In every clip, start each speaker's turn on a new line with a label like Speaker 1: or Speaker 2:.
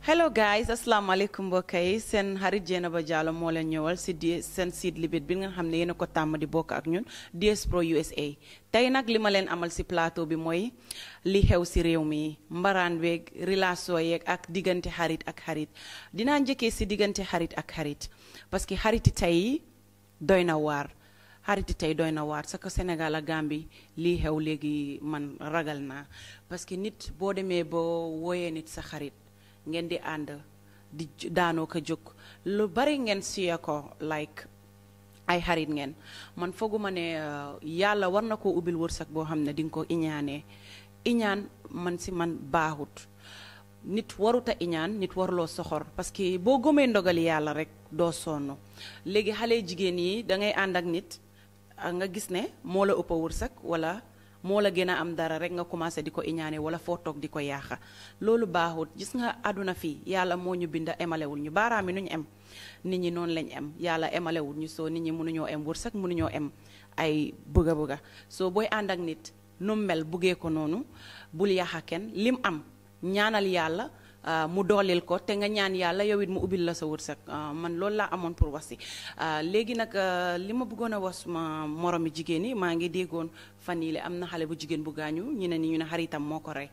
Speaker 1: hello guys asalaamaaleykum mbokk yi seen xarit Dieynaba Diallo moo leen ñëwal si di seen site Libit bi nga xam ne yéen ko tàmm di bokk ak ñun DS USA tey nag li leen amal ci plateau bi mooy li xew ci réew mi mbaraan weeg relation yeeg ak diggante xarit ak xarit dinaa njëkkee si diggante xarit ak xarit parce que xariti tey doy na waar. xariti tey doy na waar sa ko Sénégal ak Gambie lii xew léegi man ragal naa parce que nit boo demee ba wooyee nit sa xarit ngeen di ànd di daanoo ko jóg lu bari ngeen suyee ko like ay xarit ngeen man fooguma ne uh, yàlla war na koo ubbil wërsëg boo xam ne di nga ko iñaanee iñaan man si man baaxut nit waruta iñaan nit waruloo soxor parce que boo gëmee ndogali yàlla rek doo sonn léegi xale jigéen yi da ànd ak nit nga gis ne moo la ëpp a wërsëg wala moo la gën a am dara rek nga commencé di ko iñaane wala foo toog di ko yaaxa loolu baaxut gis nga àdduna fii yàlla moo ñu bind emalewul ñu baaraam yi nu em nit ñi noonu lañ em yàlla emalewul ñu soo nit ñi mënuñoo em wërsëg mënuñoo em ay bëgga bëgga soo booy ànd ak nit nu mel buggee ko noonu bul yaaxa kenn lim am ñaanal yàlla Euh, mu dooleel ko te nga ñaan yàlla yow it mu ubbil la sa wërsëg euh, man loolu laa amoon pour wax si euh, léegi nag li ma bëggoon a wax ma moromi jigéen yi maa ngi déggoon fan yii am na xale bu jigéen bu gaañu ñu ne ni ñu ne xaritam moo ko rey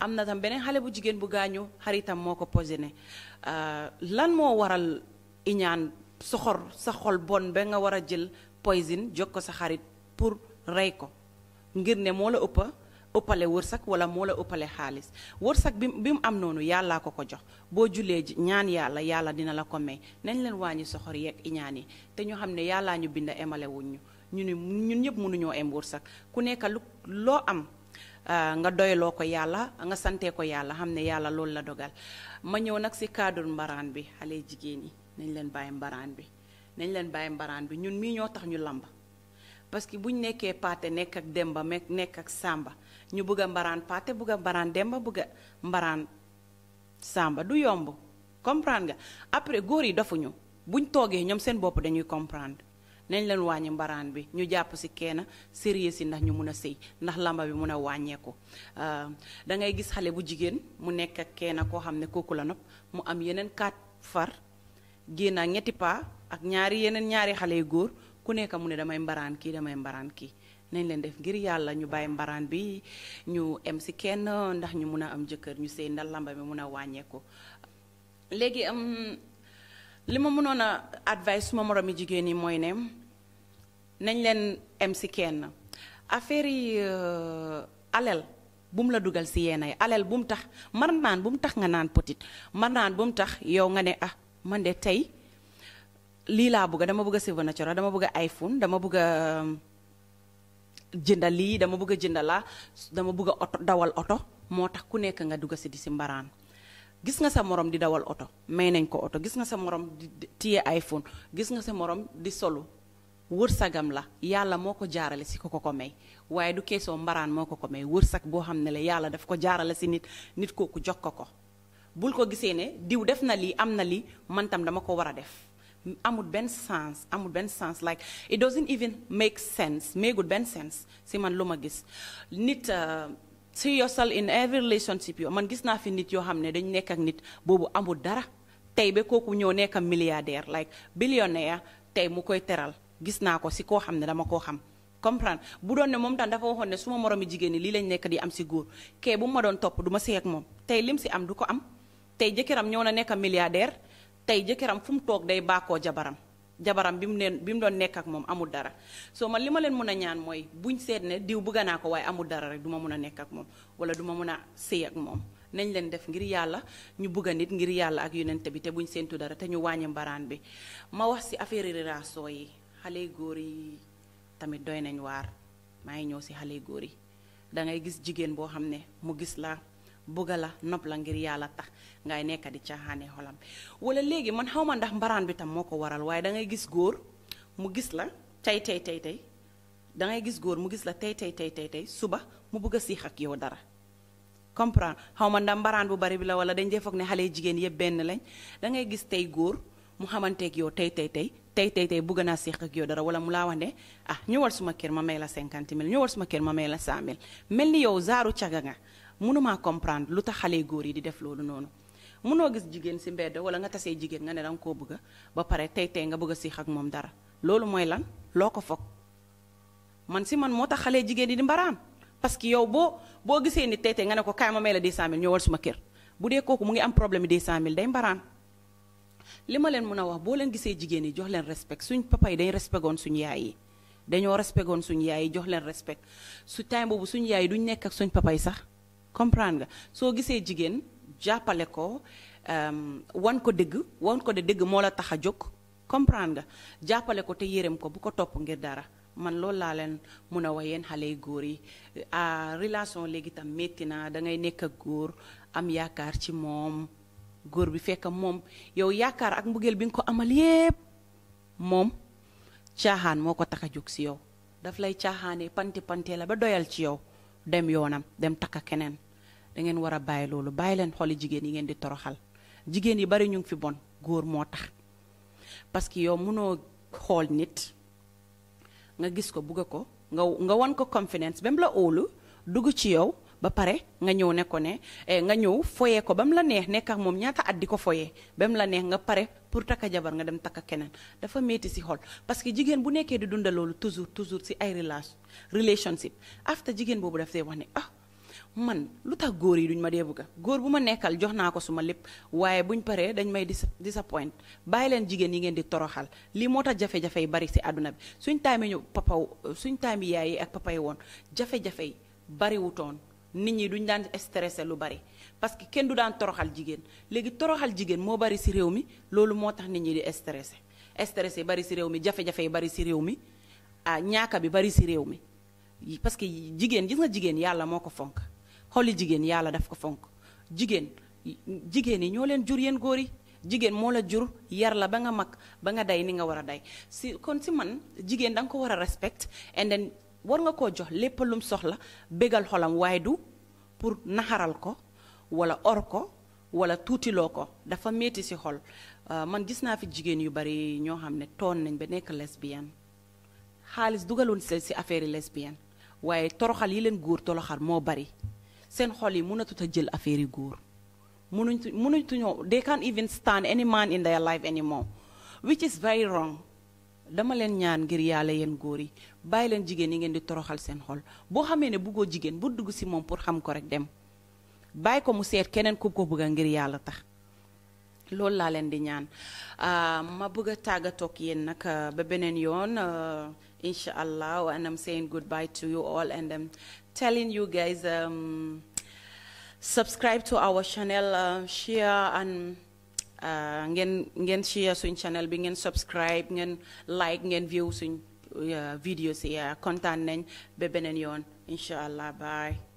Speaker 1: am na tam beneen xale bu jigéen bu gaañu xaritam moo ko poisonné lan moo waral iñaan soxor sa xol bon ba nga war a jël poison jot ko sa xarit pour rey ko ngir ne moo la ëpp ëppale wërsëg wala moo la ëppale xaalis wërsëg bi bi mu am noonu yàllaa ko ko jox boo julee ñaan yàlla yàlla dina la ko may nañ leen wàññi soxor yeeg iñaan yi te ñu xam ne yàllaa ñu bind emale wuñ ñu ñu ne ñun ñëpp mënuñoo em wërsëg ku nekk lu loo am euh, nga doyloo ko yàlla nga santee ko yàlla xam ne yàlla loolu la dogal ma ñëw nag si cadre mbaraan bi xale jigéen yi nañ leen bàyyi mbaraan bi nañ leen bàyyi mbaraan bi ñun mii ñoo tax ñu làmb parce que bu ñu nekkee paate nekk ak Demba nekk ak Samba ñu bëgg a mbaraan paate bëgg a mbaraan Demba bëgg a mbaraan Samba du yomb comprendre nga après góor yi dafuñu buñ toogee ñoom seen bopp dañuy comprendre nañ leen wàññi mbaraan bi ñu jàpp si kenn sérieux yi ndax ñu mun a sëy ndax làmba bi mun a wàññeeku euh, da ngay gis xale bu jigéen mu nekk ak kenn koo xam ne kooku la nopp mu am yeneen kaat far génn ñetti paa ak ñaari yeneen ñaari xale yu góor. ku nekk mu ne damay mbaraan kii damay mbaraan kii nañ leen def ngir yàlla ñu bàyyi mbaraan bi ñu em si kenn ndax ñu mun a am jëkkër ñu sëy ndax lamba bi mun a wàññeeku. léegi am li ma mënoon a advice suma moromi jigéen ñi mooy ne nañ leen em si kenn affaire yi euh, alal bu mu la dugal si yéen ay alal bu mu tax mar naan bu mu tax nga naan petit mar naan bu mu tax yow nga ne ah man de tey. lii laa bëgg dama bëgg a cheveux naturel dama bëgg a iPhone dama bëgg a um, jëndal lii dama bëgg a jëndal laa dama bëgg oto dawal oto moo tax ku nekk nga dugg si di si mbaraan gis nga sa morom di dawal oto may nañ ko oto gis nga sa morom di téye iPhone gis nga sa morom di solu wërsagam la yàlla moo ko jaarale si ko ko ko may waaye du keesoo mbaraan moo ko ko may wërsag boo xam ne la yàlla daf ko jaarale si nit nit kooku jox ko ko bul ko gisee ne diw def na lii am na lii mantam dama ko war a def amul benn sens amul benn sens like it doesn't even make sense méegul benn sens si man lu ma gis nit uh, si yourself in every relationship yo man gis naa fi nit yoo xam ne dañu nekk ak nit boobu amul dara tey be kooku ñoo nekk ak milliardaire like billionaire tey mu koy teral gis naa ko si koo xam ne dama koo xam comprendre bu doon ne moom tam dafa waxoon ne su ma moromi jigéen ñi lii lañ nekk di am si góor kee bu ma doon topp du ma sëy moom tey lim si am du ko am tey jëkkëram ñëw na nekk milliardaire tey jëkkëram fu mu toog day baakoo jabaram jabaram bi mu leen bi mu doon nekk ak moom amul dara so ma li ma leen mën a ñaan mooy buñ seet ne diw bëgg naa ko waaye amul dara rek du ma mun a nekk ak moom wala du ma mën a sëy ak moom nañ leen def ngir yàlla ñu bëgg a nit ngir yàlla ak yonente bi te buñ séentu dara te ñu wàññi mbaraan bi ma wax si affaire relation yi xale góor yi tamit doy nañ waar maa ngi ñëw si xale góor yi da ngay gis jigéen boo xam ne mu gis la bëgga la nopp la ngir yàlla tax ngay nekk di caaxaanee xolam wala léegi man xaw ma ndax mbaraan bi tam moo ko waral waaye da ngay gis góor mu gis la tey tey tey tey da gis góor mu gis la tey tey tey tey tey suba mu bëgg a ak yow dara comprendre xaw ma ndax mbaraan bu bari bi la wala dañ dee foog ne xale jigéen yëpp benn lañ da ngay góor mu xamanteeg yow tey tey tey tey tey tey bëgg naa séq yow dara wala mu laa wax ne ah ñëwal suma kër ma may la cinquante mille ñëwal suma kër ma may la 100 mille mel ni yow zaaru caga nga mënumaa comprendre lu tax xale góor yi di def loolu noonu munoo gis jigéen si mbedd wala nga tasee jigéen nga ne danga koo bëgg ba pare tey tey nga bëgg a siix ak moom dara loolu mooy lan loo ko foog man si man moo tax xale jigéen yi di mbaraan parce que yow boo boo gisee ni tey tey ne ko kaay ma may la 200000 ñëwal suma kër bu dee kooku mu ngi am problème yi 200000 day mbaraan li ma leen mun a wax boo leen gisee jigéen yi jox leen respect suñ papa yi dañ respectoon suñu yaay yi dañoo respectoon suñu yaay yi jox leen respect su time boobu suñu yaay yi nekk ak suñ papa sax comprendre nga soo gisee jigéen jàppale ko euh, wan ko dëgg wan ko de dëgg moo la tax a jóg comprendre nga jàppale ko te yërëm ko bu ko topp ngir dara man loolu laa leen mun a wax yéen xale yu góor yi a relation léegi tam métti naa dangay nekk ak góor am yaakaar ci moom góor bi fekk moom yow yaakaar ak mbugeel bi nga ko amal yépp moom caaxaan moo ko tax a jóg si yow daf lay caaxaanee panti pante la ba doyal ci yow dem yoonam dem takka keneen da ngeen war a bàyyi loolu bàyyi leen xoli jigéen yi ngeen di toroxal jigéen yi bari ñu ngi fi bon góor moo tax parce que yow mënoo xool nit nga gis ko bugg ko nga nga wan ko confidence ba mu la óolu dugg ci yow ba pare nga ñëw ne ko ne eh, nga ñëw foyee ko ba mu la neex nekk ak moom ñaata at di ko foyee ba mu la neex nga pare pour takk jabar nga dem takka keneen dafa metti si xol parce que jigéen bu nekkee di dunda loolu toujours toujours si ay relation relationship after jigéen boobu daf see wax ne ah man lu tax góor yi duñ ma dee bugga góor bu ma nekkal jox naa ko suma lépp waaye buñ paree dañ may disappoint bàyyi leen jigéen yi ngeen di toroxal lii moo tax jafe-jafe yi si àdduna bi suñ taami ñu papaw suñ taami yaay yi ak papa woon jafe-jafe yi nit ñi duñ daan stressé lu bari parce que kenn du daan toroxal jigéen léegi toroxal jigéen moo bari si réew mi loolu moo tax nit ñi di stressé stressé bari ci réew mi jafe-jafe yi bari si réew mi ah ñaaka bi bari si réew mi parce que jigéen gis nga jigéen yàlla moo ko fonk xooli jigéen yàlla daf ko fonk jigéen jigéen yi ñoo leen jur yéen góor yi jigéen moo la jur yar la ba nga mag ba nga day ni nga war a day si kon si man jigéen da nga ko war a respect and then war nga koo jox lépp lum soxla bégal xolam waaye du pour naxaral ko wala or ko wala tuutiloo ko dafa metti ci xol euh, man gis naa fi jigéen yu bari ñoo xam ne toon nañ ba nekk lesbienne xaalis dugaloon sel ci affaire yi lesbienne waaye toroxal yi leen góor toroxal moo bari seen xol yi mënatut a jël affaire yi góor mënuñ mënuñu ñoo they can't even stand any man in their life anymore which dama leen ñaan ngir yàlla yéen góor yi bàyyi leen jigéen yi ngeen di toroxal seen xol boo xamee ne buggoo jigéen bu dugg si moom pour xam ko rek dem bàyyi ko mu seet keneen ku ko bëgg ngir yàlla tax loolu laa leen di ñaan ah, ma bëgg a tàggatoog yéen nag ah, ba beneen yoon ah, incha allah and I'm saying goodbye to you all and I'm telling you guys um, subscribe to our channel share Ah, ngeen ngeen share suñ channel bi ngeen subscribe ngeen like ngeen view suñ ah, videos yi ah, kontaan nañ ba beneen yoon incha allah bye.